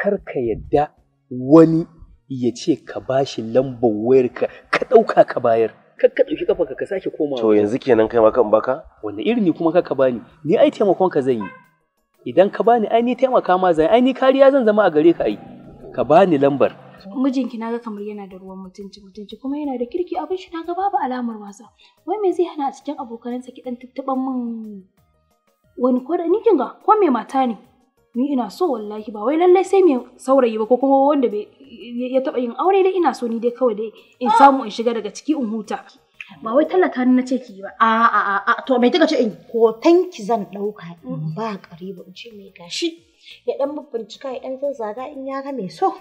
kar ka yadda wani ya ce ka bashi lambar wayar ka ka ɗauka ka bayar kar ka ɗauki kafa ka sake komawa to yanzu kenan kai maka baka wanda irin ne kuma ka bani ni ai taimakon ka zan yi idan ka bani ai ni taimaka ma zan ai ni kariya zan zama a gare ka ai ka bani lambar mijinki naga kamar yana da ruwan mutunci mutunci kuma yana da kirki abin shi naga babu alamar wasa wai me zai hana a cikin abokanansa ki dan tuttuban min wani ko da ni kinga ko me mata ne ni ina so wallahi ba wai lallai sai mai saurayi ba ko kuma wanda ya taba yin aure dai ina so ni dai kawai dai in samu in shiga daga ciki in huta ba wai tallata ni nace ki ba a a a to mai kika ce in Ko tanki zan dauka in ba karibu in ce mai gashi ya dan bincika ya dan zaga in ya ga mai so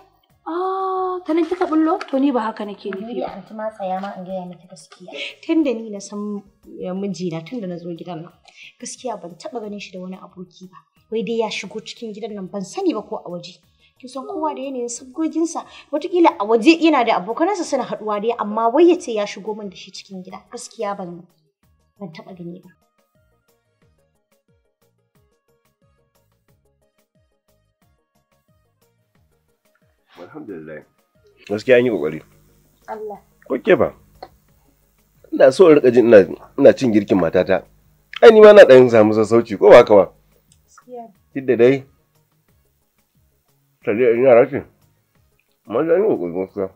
Ah, ta nan kika bullo? To ni ba haka nake nufi ba. Ni ma tsaya ma an gaya miki gaskiya. Tunda ni na san eh, mijina tunda na zo gidan nan. Gaskiya ban taba ganin shi da wani aboki ba. wai dai ya shigo cikin gidan nan ban sani ba ko a waje kin san kowa da yanayin sabgoginsa watakila a waje yana da abokanansa suna haduwa dai amma wai ya ce ya shigo min da shi cikin gida gaskiya ban ban taɓa gani ba alhamdulillah gaskiya an yi kokari Allah ko ke ba ina so in rika jin ina cin girkin matata ai ni ma na dan samu sassauci ko ba haka ba duk da dai taliyar yara ce maza ne ƙulgun suya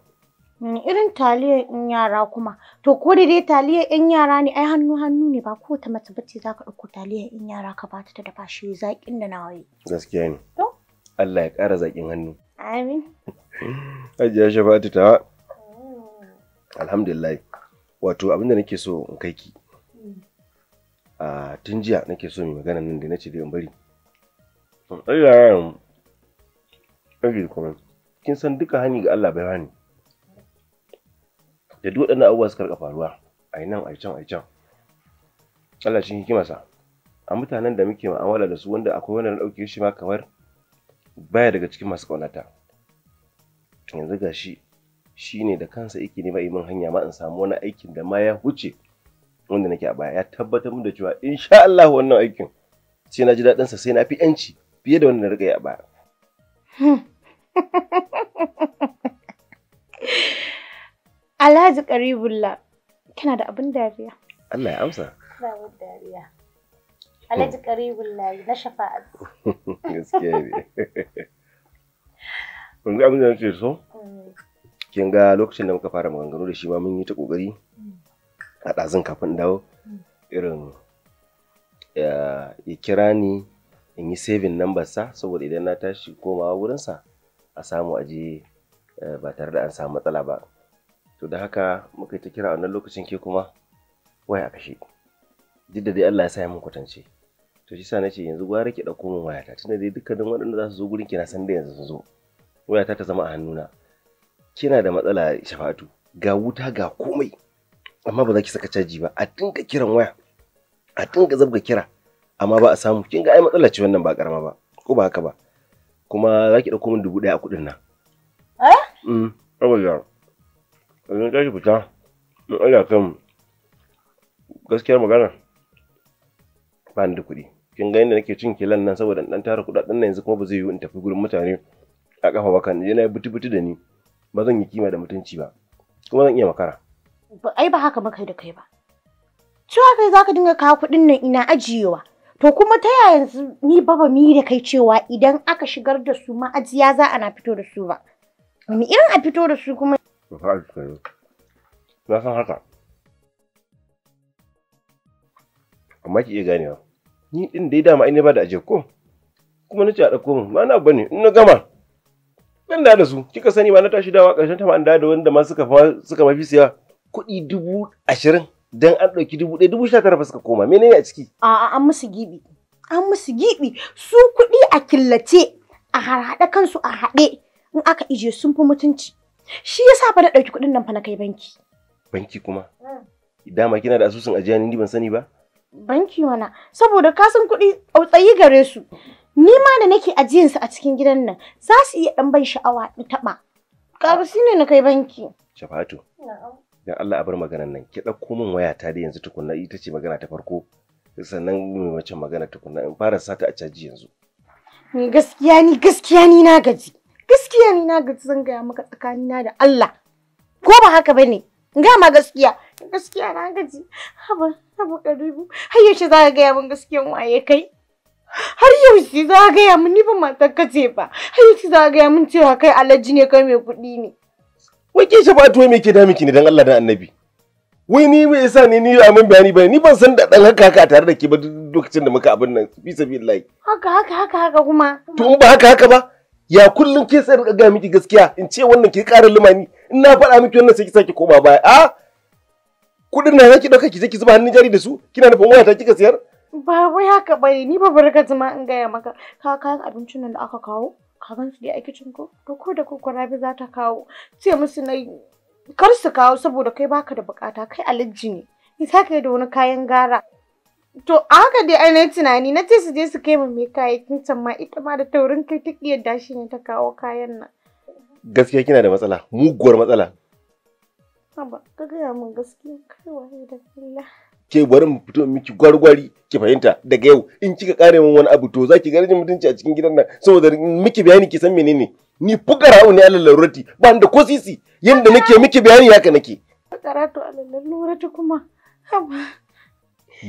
irin taliyar in yara kuma to ko da dai taliyar in yara ne ai hannu hannu ne ba ko ta mace bace za ka ɗauko taliyar in yara ka bata ta dafa shi zaƙin da nawa yi gaskiya ne Allah ya ƙara zaƙin hannu amin hajiya shafa'atu tawa mm. alhamdulillah wato abinda nake so in kai ki mm. a tun jiya nake so mai magana nan da nace dai in bari Allah ya mu ɗari kuma kin san duka hani ga Allah bai hani da duk waɗannan abubuwa suka faruwa a nan a can a can Allah shi hikimarsa a mutanen da muke ma'amala da su wanda akwai wanda na ɗauke shi ma kamar baya daga cikin masu ƙaunata yanzu ga shi shi ne da kansa yake nema imin hanya ma in samu wani aikin da ma ya huce wanda nake a baya ya tabbatar min da cewa insha Allah wannan aikin sai na ji daɗinsa sai na fi 'yanci fiye da wanda na riga a baya. Alhaji Karibulla, kana da abin dariya. Allah ya amsa. Ba dariya. Oh. Alhaji Karibulla na shafa'a. Gaskiya ne. Kun ga abin da nake so? Mm. Kin ga lokacin da muka fara maganganu da shi ma mun yi ta kokari a ɗazun kafin dawo mm. irin ya kira ni in yi saving number sa saboda idan na tashi komawa wurinsa a samu aje eh, ba tare da an samu matsala ba to da haka muka ta kira wannan lokacin ke kuma waya a kashe duk dai Allah ya sa ya mun kwatance to shi sa nace yanzu gwara ki dauko min wayata tunda dai dukkanin waɗanda za su zo gurin ki na san da yanzu sun zo wayata ta zama a hannuna kina da matsala shafatu ga wuta ga komai amma ba za ki saka caji ba a dinga kiran waya a dinga zabga kira amma ba a samu kin ga ai matsala ce wannan ba karama ba ko ba haka ba kuma za ki dauko min dubu daya a kudin nan eh mm saboda idan ka fita mun Allah kan gaskiyar magana ba ni da kuɗi kin ga inda nake cin kilan nan saboda dan tara kudaden nan yanzu kuma ba zai yi in tafi gurin mutane a kafa ba kan je na buti-buti da ni ba zan yi kima da mutunci ba kuma zan iya makara ai ba haka makai da kai ba cewa kai zaka dinga kawo kuɗin nan ina ajiyewa To kuma ta yaya yanzu ni ba ba mi da kai cewa idan aka shigar da su ma'ajiya za na fito da su ba. Wani irin a fito da su kuma. Na san haka. Amma ki iya ganewa. Ni din dai dama ai ba da aje ko? Kuma nace a ɗauko mu ma na bane in na gama. Dan da da su kika sani ba na tashi dawa ƙarshen ta ma an da wanda ma suka suka mafi siya kuɗi dubu ashirin. dan an ɗauki dubu ɗaya dubu sha tara ba suka koma menene a ciki a'a an musu gibi an musu gibi su kuɗi a killace a harhaɗe kansu a haɗe in aka ije sun fi mutunci shi yasa fa na ɗauki kuɗin nan fa na kai banki banki kuma dama kina da asusun ajiya ni ban sani ba banki wana saboda kasan kuɗi tsayi gare su ni ma da nake ajiyan su a cikin gidan nan za su iya ɗan ban sha'awa in taɓa kaga ah. shine na kai banki shafatu na'am dan Allah a bar maganan nan ki ɗauko min wayata da yanzu tukunna ita ce magana ta farko sannan mai wacce magana tukunna in fara sata a caji yanzu gaskiya ni gaskiya ni na gaji gaskiya ni na gaji zan gaya maka tsakani na da Allah ko ba haka bane ga ma gaskiya gaskiya na gaji haba haba karibu har yaushe za ka gaya min gaskiyan waye kai har yaushe za ka gaya min ni ba matar kace ba har yaushe za ka gaya min cewa kai alhaji ne kai mai kuɗi ne wai ke shafa'atu wai me ke da miki ne dan Allah dan annabi wai ni me yasa ne ni a mun bayani bane ni ban san da dan haka haka tare da ke ba lokacin da muka abin nan fi sabilillahi haka haka haka haka kuma to in ba haka haka ba ya kullun ke sai ga miki gaskiya in ce wannan ke karin limani in na faɗa miki wannan sai ki saki koma baya a kudin na zaki dauka ki je ki zuba hannun jari da su kina nufin waya ta kika siyar ba wai haka bane ni ba barkatu ma in gaya maka ka kayan abincin nan da aka kawo su dai a kicin ko da koko rabi za ta kawo ce musu na kar su kawo saboda kai baka da bukata kai alijji ne ni za ka da wani kayan gara to a haka dai ai na tunani na ce su je su kai mai kayayyakin can ma ita ma da taurin kai ta kiyar dashi ne ta kawo kayan nan gaskiya kina da matsala muguwar matsala Haba, ka gaya min gaskiya kai da Allah. ke bari mu fito miki gwargwari ki fahimta daga yau in kika kare min wani abu to za ki garjin mutunci a cikin gidan nan saboda miki bayani ki san menene ni fukara ne alal larurati ba da ko sisi yanda nake miki bayani haka nake fukara to alal larurati kuma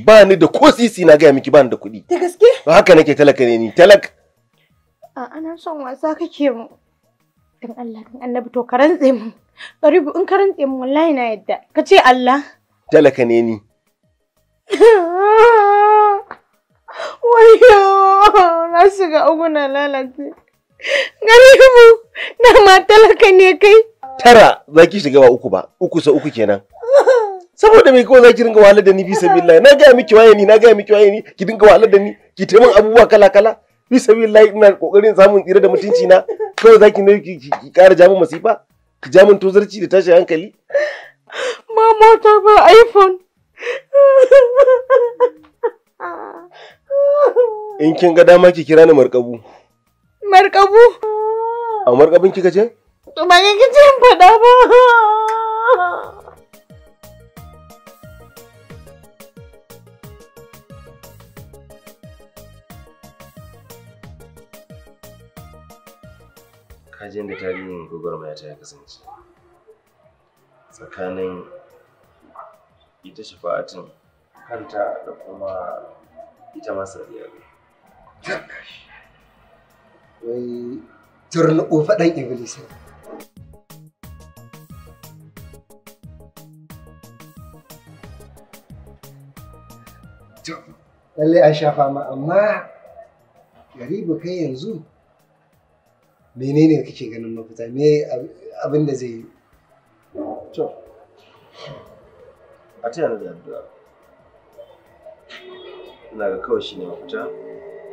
ba ni da ko sisi na ga miki ba da kuɗi da gaske haka nake talaka ne ni talak a ana son wasa kake mu dan Allah dan annabi to karantse mu karibu in karantse mu wallahi na yadda kace Allah talaka ne ni wayo na shiga uku na lalace garibu na matalaka ne kai tara za ki shiga ba uku ba uku sa uku kenan saboda me kawai za ki dinga wahalar da ni fi sabilillahi na ga miki waye ni na ga miki waye ni ki dinga wahalar da ni ki taimaka abubuwa kala kala fi sabilillahi ina kokarin samun tsira da mutunci na kawai za ki ne ki kara jamu masifa ki jamin tozarci da tashin hankali Mama ta ba iphone In kin ga dama ki kira ni markabu. Markabu? A markabin kika ce? Ba ki kin in faɗa ba. Kajin da tarihin gwagwarmaya ta ya kasance tsakanin ita shafa'atin kanta da kuma ita masa riyadu. Wai turnuɓo faɗan Iblis. Lallai an sha fama amma garibu kai yanzu menene kake ganin mafita ne abin da zai yi. a yana da addu'a ina ga kawai shi ne mafita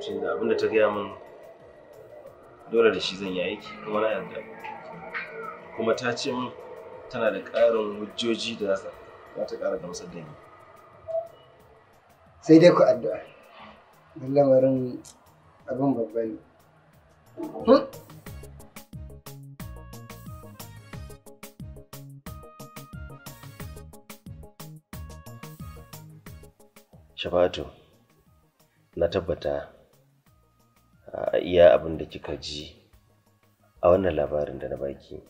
tunda da ta gaya min dole da shi zan yi aiki kuma na yarda kuma ta ce min tana da ƙarin hujjoji da za ta ƙara gamsar da ni sai dai ku addu'a don lamarin abin babba ne Shafatu, na tabbata a iya abin da kika ji a wannan labarin da na baki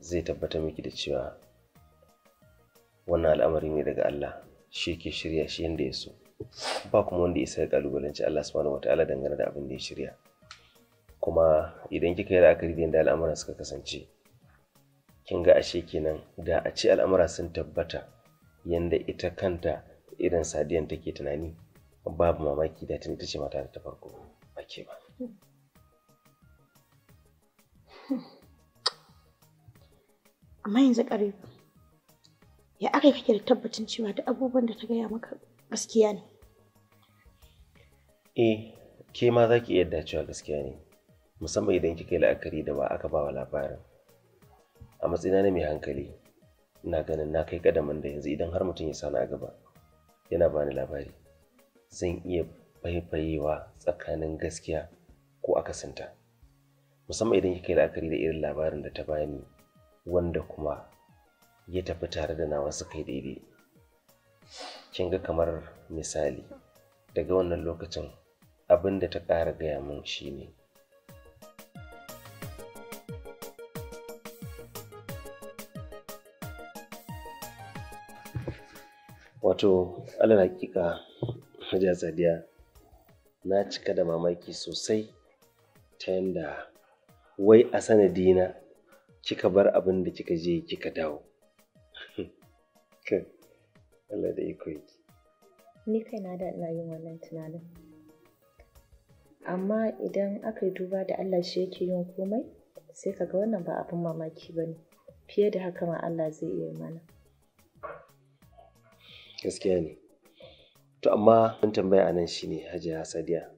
zai tabbatar miki da cewa wannan al'amari ne daga Allah shi ke shirya shi yadda ya so ba kuma wanda isa ya kalubalanci Allah subhanahu wataala dangane da abin da ya shirya kuma idan kika yi la'akari da yadda al'amuran suka kasance kin ga ashe kenan da a ce al'amura sun tabbata yanda ita kanta irin sadiyan take tunani babu mamaki da tun tace mata ta farko ba ke ba amma yanzu kare ya aka kake da tabbacin cewa duk abubuwan da ta gaya maka gaskiya ne eh ke ma za ki yadda cewa gaskiya ne musamman idan kika yi la'akari da ba aka ba wa labarin a matsayina na mai hankali ina ganin na kai kadamin da yanzu idan har mutum ya sani a gaba yana bani labari zan iya faifayewa tsakanin gaskiya ko akasinta musamman idan kika yi la'akari da irin labarin da ta bani wanda kuma ya tafi tare da nawa suka yi daidai kin ga kamar misali daga wannan lokacin abin da ta ƙara gaya min shine wato alal hakika hajiya sadiya na cika da mamaki sosai ta yadda wai a sanadina kika bar abin da kika je kika dawo Allah da iko yake ni na da ina yin wannan tunanin amma idan aka yi duba da Allah shi yake yin komai sai kaga wannan ba abin mamaki ba ne fiye da haka ma Allah zai iya mana. gaskiya ne to amma mun tambaya a nan shi ne, hajiya sadiya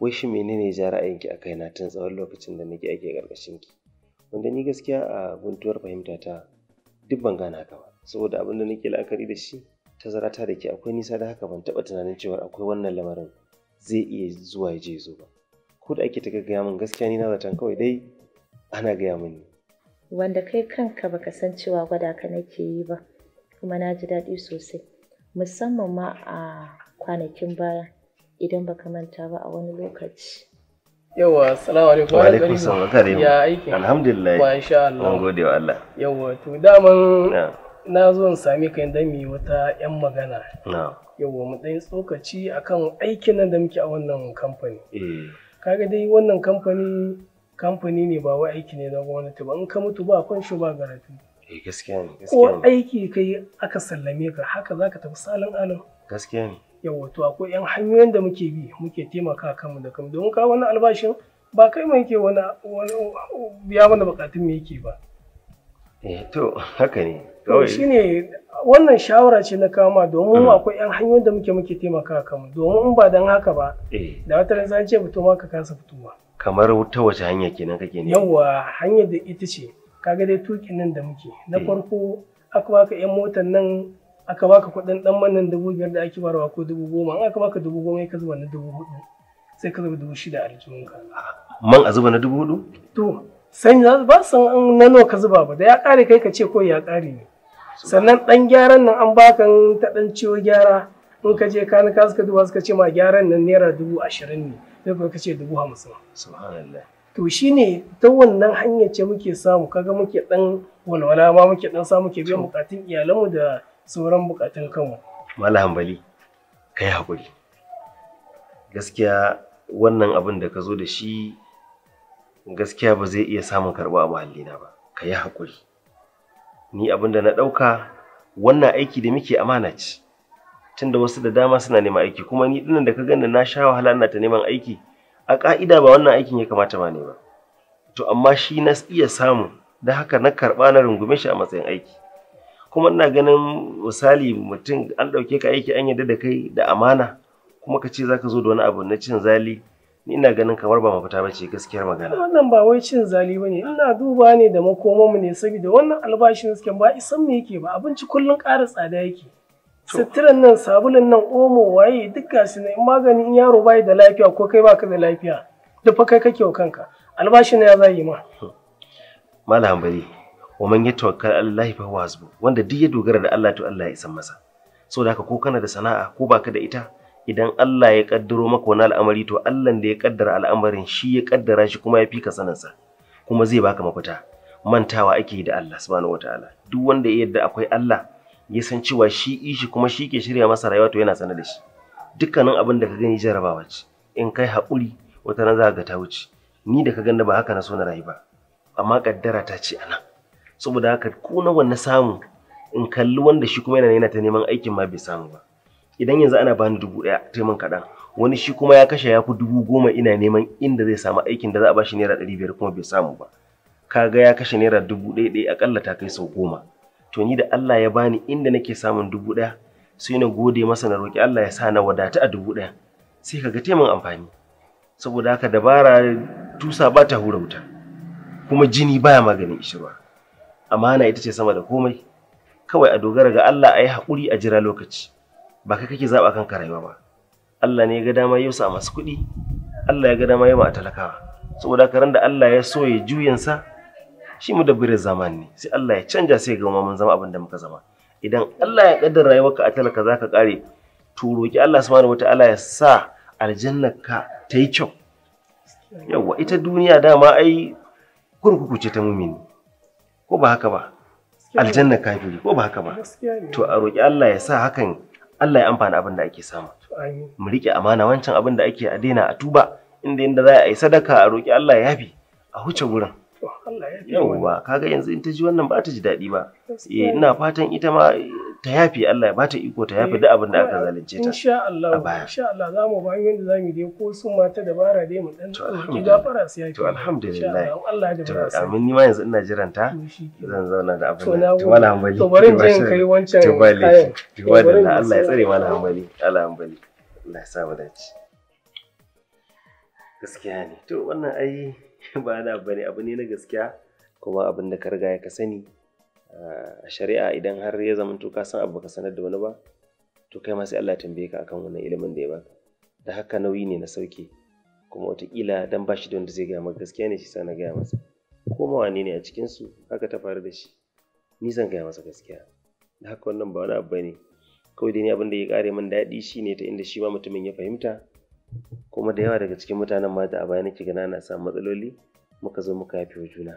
wai shi menene ja ra'ayinki a kaina tun tsawon lokacin da nake ake karkashin ki wanda ni gaskiya a guntuwar fahimta ta duk ban gane haka ba saboda abin da nake la'akari da shi tazara ta da ke akwai nisa da haka ban taɓa tunanin cewa akwai wannan lamarin zai iya zuwa ya je zo ba ko da ake ta gaggaya min gaskiya ni na zaton kawai dai ana gaya mini wanda kai kanka baka san cewa gwada ka nake yi ba kuma na ji daɗi sosai musamman ma a kwanakin baya idan baka manta ba a wani lokaci yawa salamu alaikum wa alaikum ya aiki alhamdulillah wa insha Allah mun gode wa Allah yawa to daman na zo in same ka inda mu wata yan magana yawa mu dan tsokaci akan aikin nan da muke a wannan kamfani eh. kaga dai wannan kamfani kamfani ne ba wai aiki ne na gwamnati ba in ka mutu ba kwanshi ba garatu Eh, ko aiki ka yi aka sallame ka haka za ka tafi salon alam gaskiya ne yawa to akwai yan hanyoyin da muke bi muke taimaka kanmu da kanmu domin ka wani albashin ba kai mai ke wani biya mana bukatun me yake ba eh to haka ne kawai shine wannan shawara ce na kama domin mu mm. akwai yan hanyoyin da muke muke taimaka kanmu domin in ba dan haka ba eh. da wata ran zan ce fito ma ka kasa fitowa kamar ta wace hanya kenan kake ne yawa hanyar da ita ce kaga dai tukin nan da muke na eh. farko aka baka yan motar nan aka baka kuɗin ɗan manan dubu biyar da ake barawa ko dubu goma in aka baka dubu goma ka zuba na dubu hudu sai ka zuba dubu shida a ka. man a zuba na dubu hudu? to sai ba san an nano ka zuba ba da ya ƙare kai ka ce ko ya ƙare ne sannan ɗan gyaran nan an baka ta ɗan ciwo gyara in ka je ka ka suka duba suka ce ma gyaran nan naira dubu ashirin ne sai ka ce dubu hamsin. subhanallah to shi ne ta wannan hanyar ce muke samu kaga muke dan walwala ma muke dan samu ke biyan bukatun iyalanmu da sauran bukatun kanmu malam bali kai hakuri gaskiya wannan abin da ka zo da shi gaskiya ba zai iya samun karɓa a na ba ka yi haƙuri ni abin da na ɗauka wannan aiki da muke amana ce tunda wasu da dama suna neman aiki kuma ni ɗinnan da ka gani na sha wahala ina ta neman aiki a ƙa'ida ba wannan aikin ya kamata ba ne ba to amma shi na iya samu da haka na karɓa na rungume shi a matsayin aiki kuma ina ganin misali mutum an ɗauke ka aiki an yarda da kai da amana kuma ka ce za ka zo da wani abu na cin zali ni ina ganin kamar ba mafita ba ce gaskiyar magana wannan ba wai cin zali ba ne ina duba ne da makomanmu ne saboda wannan albashin suke ba isan me yake ba abinci kullum ƙara tsada yake suturan nan sabulun nan omo waye duk gashi ne maganin yaro bai da lafiya ko kai baka da lafiya duk fa kai kake wa kanka albashi ne ya zai ma malam bari wa man yatawakkal Allah fa huwa hasbu wanda duk ya dogara da Allah to Allah ya isa masa saboda haka ko kana da sana'a ko baka da ita idan Allah ya kaddaro maka wani al'amari to Allah da ya kaddara al'amarin shi ya kaddara shi kuma ya fi ka saninsa kuma zai baka mafita mantawa ake yi da Allah subhanahu wataala duk wanda ya yarda akwai Allah ya san cewa shi ishi kuma shi ke shirya masa rayuwa to yana sanar da shi dukkanin abin da ka gani jarabawa ce in kai hakuri, wata nan za ka ta wuce ni da ka gani ba haka na so na rayu ba amma kaddara ta ce anan saboda haka ko na na samu in kalli wanda shi kuma yana yana ta neman aikin ma bai samu ba idan yanzu ana bani dubu ɗaya taimakon kaɗan wani shi kuma ya kashe ya fi dubu goma ina neman inda zai samu aikin da za a bashi naira ɗari biyar kuma bai samu ba kaga ya kashe naira dubu ɗaya ɗaya akalla ta kai sau goma to ni da Allah ya bani inda nake samun dubu ɗaya sai na gode masa na roƙi Allah ya sa na wadata a dubu ɗaya sai kaga taimin amfani saboda haka dabara tusa ba ta hura wuta kuma jini baya maganin ishirwa amana ita ce sama da komai kawai a dogara ga Allah a yi haƙuri a jira lokaci ba kai kake zaɓa kanka rayuwa ba Allah ne ya ga dama yau sa masu kuɗi Allah ya ga dama yau ma a talakawa saboda haka da Allah ya so ya sa shi mu da birin zamani ne sai Allah ya canja sai ga mun zama abin da muka zama idan Allah ya kaddara rayuwarka a talaka zaka kare to roki Allah subhanahu wataala ya sa aljannarka ta yi kyau yawwa ita duniya dama ai kurkuku ce ta mumini ko ba haka ba aljanna kafiri ko ba haka ba to a roki Allah ya sa hakan Allah ya amfana abin da ake samu mu rike amana wancan abin da ake a daina a tuba inda inda za a yi sadaka a roki Allah ya yafi a huce gurin yauwa kaga yanzu in ta ji wannan ba ta ji daɗi ba eh, ina fatan ita ma ta yafe Allah ya bata iko ta yafe duk abin da aka eh, zalunce ta insha Allah insha Allah za mu bayan yanda zamu dai ko sun mata dabara dai mu dan ki gafara su yafe to alhamdulillah Allah ya dabara su amin ni ma yanzu ina jiran ta zan zauna da abin to wala hambali to bari in kai wancan kayan to bari Allah ya tsare mana hambali Allah hambali Allah ya sa mu dace gaskiya ne to wannan ai ba na ne abu ne na gaskiya kuma abin da ka riga ka sani a shari'a idan har ya zama to ka san abu ka sanar da wani ba to kai ma sai Allah tambaye ka akan wannan ilimin da ya ba. da haka nauyi ne na sauke kuma wataƙila dan ba shi da wanda zai gaya maka gaskiya ne shi sa na gaya masa ko mawane ne a cikin su haka ta faru da shi ni zan gaya masa gaskiya da haka wannan ba wani abu bane kawai dai ni abin da ya kare min daɗi shine ta inda shi ma mutumin ya fahimta kuma da yawa daga cikin mutanen ma da a baya nake na samun matsaloli muka zo muka haife wa juna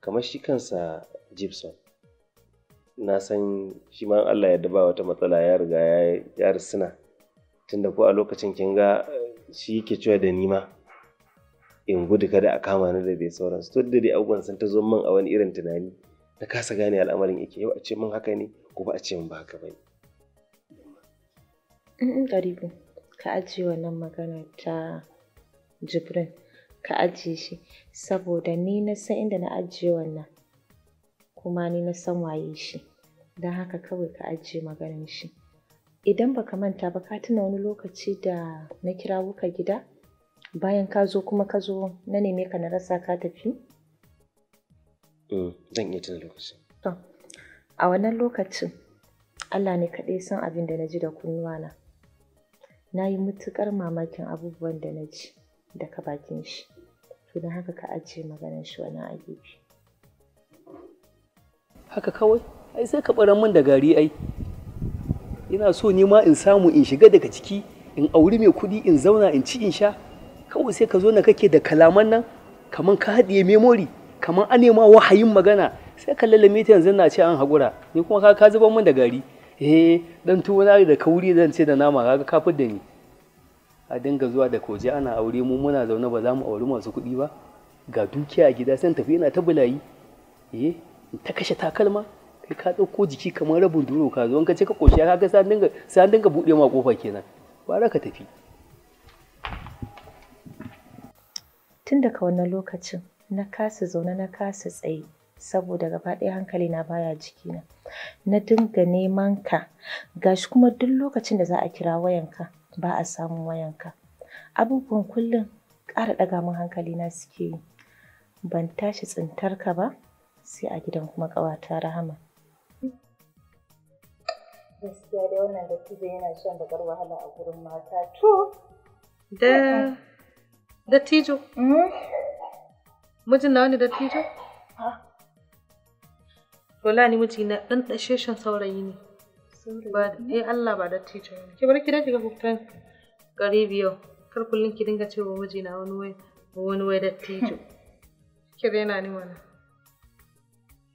kamar shi kansa gibson na san shi ma Allah ya daba wata matsala ya riga ya risina tunda ko a lokacin kin ga eh, shi yake cewa da nima in gudu kada a kama ni da dai sauransu to da dai abubuwan sun ta zo min a wani irin tunani na kasa gane al'amarin yake yau a ce min haka ne ko ba a ce min ba haka ba ne. Karibu. ka ajiye wannan magana ta jibrin ka ajiye shi saboda ni na san inda na ajiye wannan kuma ni na san waye shi don haka kawai ka ajiye maganin shi idan baka manta ba ka tuna wani lokaci da na kira wuka gida bayan ka zo kuma ka zo na neme ka na rasa ka tafi mm, zan iya tuna lokacin a wannan lokacin allah ne kaɗai san abin da na ji da kunnuwana na yi matuƙar mamakin abubuwan da na ci daga bakin shi to don haka ka ajiye maganar shi wani a gefe haka kawai ai sai ka ɓaran min da gari ai ina so ni ma in samu in shiga daga ciki in auri mai kuɗi in zauna in ci in sha kawai sai ka zo na kake da kalaman nan kamar ka haɗiye memori kamar anema wahayin magana sai ka lalame ta yanzu na ce an haƙura ni kuma ka zuba min da gari eh dan tuwo na da kauri zan ce da nama ga ka da ni a dinga zuwa da koje ana aure mu muna zaune ba za mu auri masu kuɗi ba ga dukiya a gida sai tafi ina ta bulayi eh ta kashe takalma kai ka ɗauko jiki kamar rabin duro ka zo in ka ce ka koshi ka ga sai dinga sai dinga buɗe ma kofa kenan bara ka tafi tun daga wannan lokacin na kasa zaune na kasa tsaye saboda gaba ɗaya hankali na baya jikina na dinga neman ka gashi kuma duk lokacin da za a kira wayanka ba a samun wayanka abubuwan kullum ƙara ɗaga min hankali na suke yi ban tashi tsintar ka ba sai a gidan kuma ƙawata rahama gaskiya dai wannan dattijo yana shan bakar wahala a gurin mata to da dattijo mm-hmm. mijin na wani dattijo ah, Wala ni miji na dan dasheshen saurayi ne. Ba eh Allah ba da tije ne. Ki bar ki da ga hukutan gari biyo. Kar kullun ki dinga cewa miji na wani wai wani wai da tije. Ki rena ni wannan.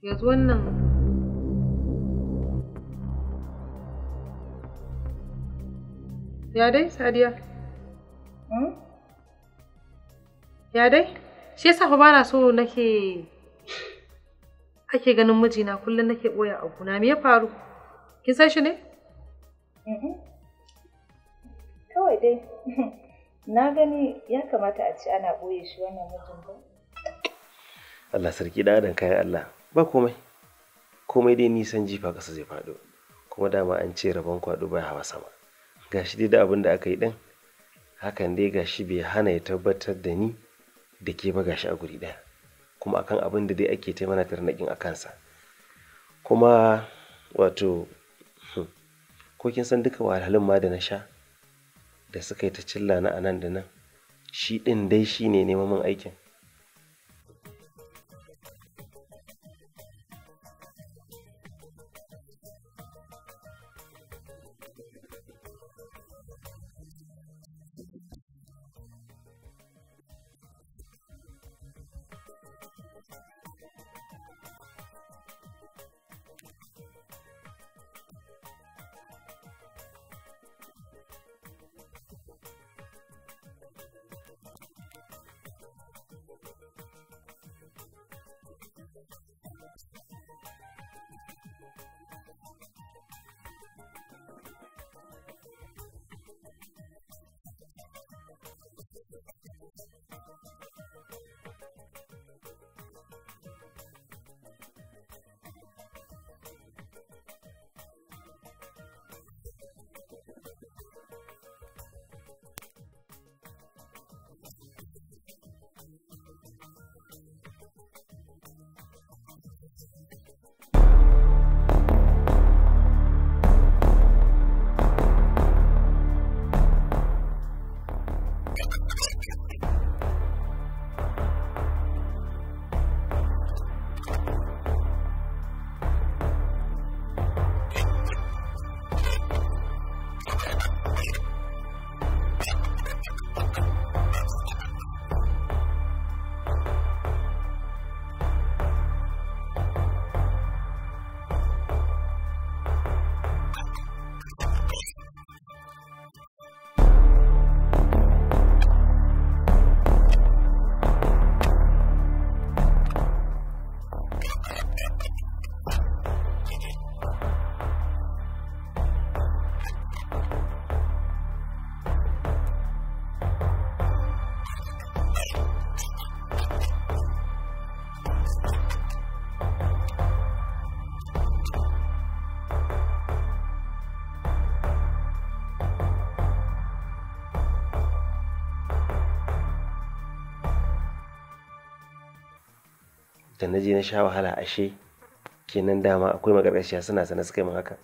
Yanzu wannan Ya dai, Sadiya? Hmm? Ya dai? Shi yasa ba bana so nake kake ganin mijina kullum nake ɓoye gona me ya faru kin san shi ne mm-hmm. kawai dai na gani ya kamata a ce ana ɓoye shi wannan mijin ba Allah sarki da adam kayan Allah ba komai komai dai nisan jifa kasa zai faɗo kuma dama an ce rabon kwaɗo ba hawa sama gashi dai da abin da aka yi ɗin hakan dai gashi bai hana ya tabbatar da ni da ke ba gashi a guri ɗaya kuma akan abin da dai ake ta mana tarnaƙin a kansa kuma wato hmm, ko kin san duka wahalhalun ma da na sha da suka yi ta cilla na nan da nan shi ɗin dai shi ne neman aikin da na je na sha wahala ashe kenan dama akwai magargashiya suna sana suka yi min haka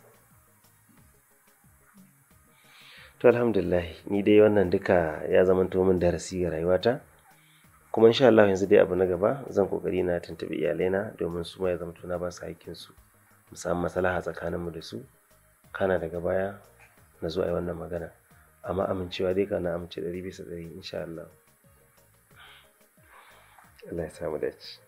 to alhamdulillah ni dai wannan duka ya zamanto min darasi ga rayuwata kuma insha Allah yanzu dai abu na gaba zan kokari na tuntubi iyalaina domin su ma ya zamanto na ba su haƙƙin su mu samu maslaha tsakanin mu da su kana daga baya na zo a yi wannan magana amma amincewa dai kana amince ɗari bisa insha Allah Allah ya samu dace